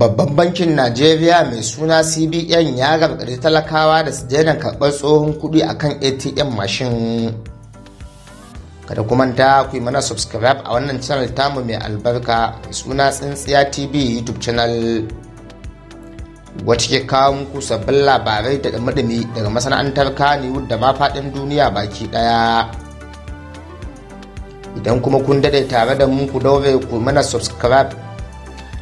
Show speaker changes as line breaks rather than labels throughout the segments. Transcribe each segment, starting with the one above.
babban bankin najeriya mai suna cbn ya gargaɗi talakawa da su daina karɓar tsohon kuɗi a kan atm mashin kada kuma ta ku yi mana subscribe a wannan channel tamu mai albarka mai suna tsintsiya tv youtube channel wacce ke kawo muku sabbin labarai daga madami daga masana'antar kaniwood da ma faɗin duniya baki ɗaya idan kuma kun daɗe tare da mu ku daure ku mana subscribe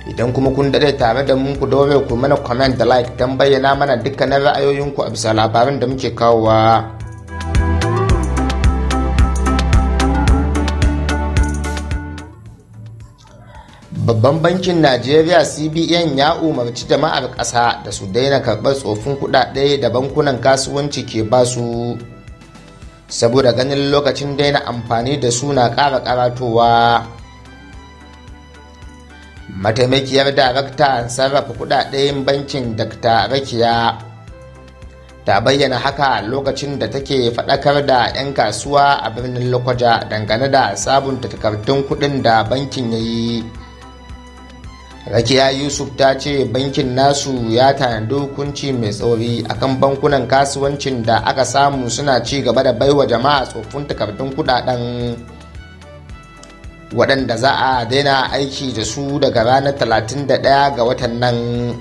idan kuma kun dade tare da mun ku dole ku mana comment da like don bayyana mana dukkanin ra'ayoyinku a bisa labarin da muke kawowa. Babban bankin Najeriya CBN ya umarci jama'ar ƙasa da su daina karɓar tsofin kuɗaɗe da bankunan kasuwanci ke basu saboda ganin lokacin daina amfani da su na ƙara ƙaratowa. mataimakiyar daraktan sarrafa kudaden bankin dakta rakiya ta bayyana haka lokacin da take faɗakar da 'yan kasuwa a birnin lokaja dangane da sabunta takardun kuɗin da bankin ya yi rakiya yusuf ta ce bankin nasu ya tanadi hukunci mai tsauri akan bankunan kasuwancin da aka samu suna ci gaba da baiwa jama'a tsoffin takardun kudaden waɗanda za a daina aiki da su daga ranar 31 ga watan nan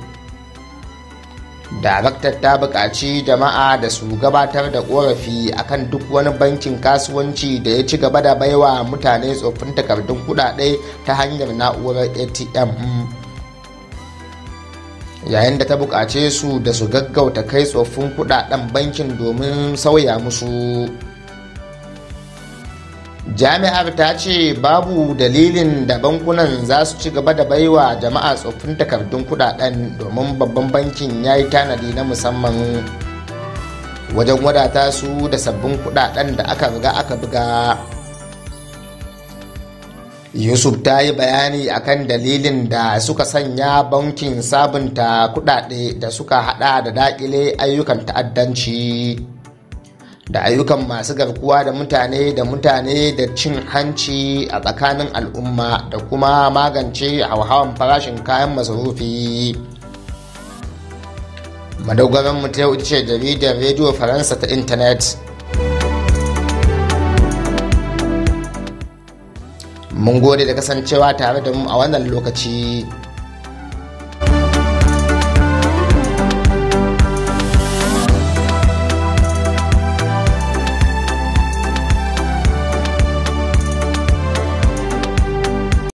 daraktar ta buƙaci jama'a da su gabatar da ƙorafi akan duk wani bankin kasuwanci da ya ci gaba da baiwa mutane tsoffin takardun kuɗaɗe ta hanyar na'urar atm yayin da ta buƙace su da su gaggauta kai tsoffin kuɗaɗen bankin domin sauya musu jami'ar ta ce babu dalilin da bankunan za su ci gaba da baiwa jama'a tsoffin takardun kudaden domin babban bankin ya yi tanadi na musamman wajen wadata su da sabbin kudaden da aka riga aka buga yusuf ta yi bayani akan dalilin da suka sanya bankin sabunta kudade da suka hada da dakile ayyukan ta'addanci. da ayyukan masu garkuwa da mutane da mutane da cin hanci a tsakanin al'umma da kuma magance hauhawan farashin kayan masarufi madogaran mu ta wuce ce jaridar rediyo faransa ta intanet mun gode da kasancewa tare da mu a wannan lokaci